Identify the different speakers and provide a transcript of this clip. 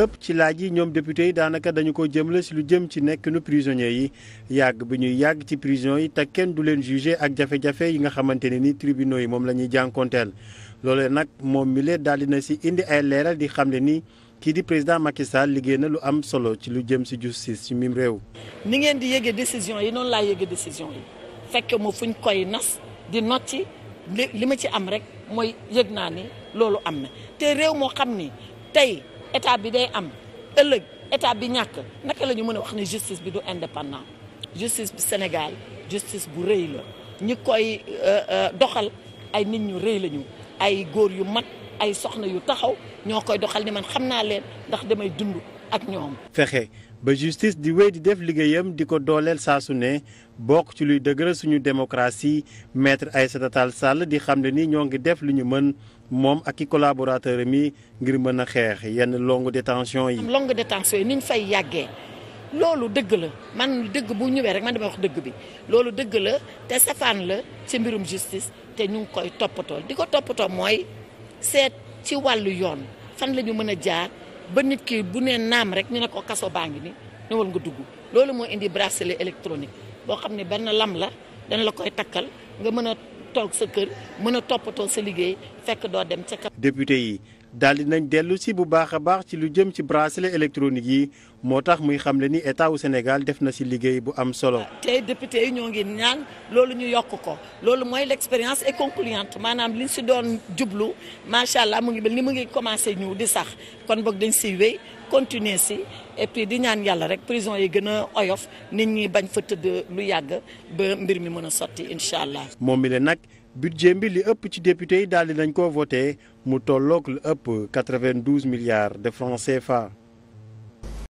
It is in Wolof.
Speaker 1: ëpp ci laaj yi ñoom député yi daanaka dañu ko jëmale si lu jëm ci nekk nu prisonniers yi yàgg bi ñuy yàgg ci prison yi te kenn du leen jugé ak jafe-jafe yi nga xamante ne ni tribunaux yi moom la ñuy jànkonteel loole nag moom mi lee daal dina si indi ay leeral di xam ne ni kii di président Macky Sall liggéey na lu am solo ci lu jëm si justice ci mim réew. ni ngeen di yëgee décision yi
Speaker 2: noonu laa yëgee décision yi fekk mu fuñ koy nas di notti li ma ci am rek mooy yëg naa loolu am réew moo xam ni tey état bi day am ëllëg état bi ñàkk naka lañu ñu mën a wax ne justice bi du indépendant justice bu Sénégal justice bu rëy la ñi koy euh, euh, doxal ay nit ñu rëy lañu ay góor yu mat ay soxna yu taxaw ñoo koy doxal ni man xam naa leen ndax damay dund ak ñoom.
Speaker 1: fexe ba justice di wéy di def liggéeyam di ko dooleel saa su ne bokk ci luy dëgëral suñu démocratie maître Aïssata Tall Sall di xam ne ni ñoo ngi def lu ñu mën moom ak ki collaborateur mi ngir mën a xeex yenn longue détention yi.
Speaker 2: longue détention yi ni ñu fay yàggee. loolu dëgg la man dëgg bu ñëwee rek man dama wax dëgg bi loolu dëgg la te safaan la ci mbirum justice te ñu ngi koy toppatoo di ko toppatoo mooy seet ci wàllu yoon fan lañu mën a jaar ba nit ki bu nee naam rek ñu ne ko kaso baa ngi ni ñëwal nga dugg loolu moo indi bracelet électronique boo xam ne benn lam la dana la koy takkal nga mën a toog sa kër mën a toppatoo sa liggéey fekk doo dem ca
Speaker 1: député yi daal di nañ dellu si bu baax a baax ci lu jëm ci bracelet électronique yi moo tax muy xamle ni état wu Sénégal def na si liggéey bu am solo.
Speaker 2: tey député yi ñoo ngi ñaan loolu ñu yokk ko loolu mooy l' expérience est concluante maanaam liñ si doon jublu macha allah mu ngi mel ni mu ngi commencé ñu di sax kon boog dañ siy wéy continuer si et puis di ñaan yàlla rek prison yi gën a oyof nit ñi bañ fa tëdd lu yàgg ba mbir mi mën a sotti incha allah.
Speaker 1: moom mi le nag. budget bi li ëpp ci député yi daal di nañ ko voté mu tolloog lu ëpp 92 milliards de francs CFA.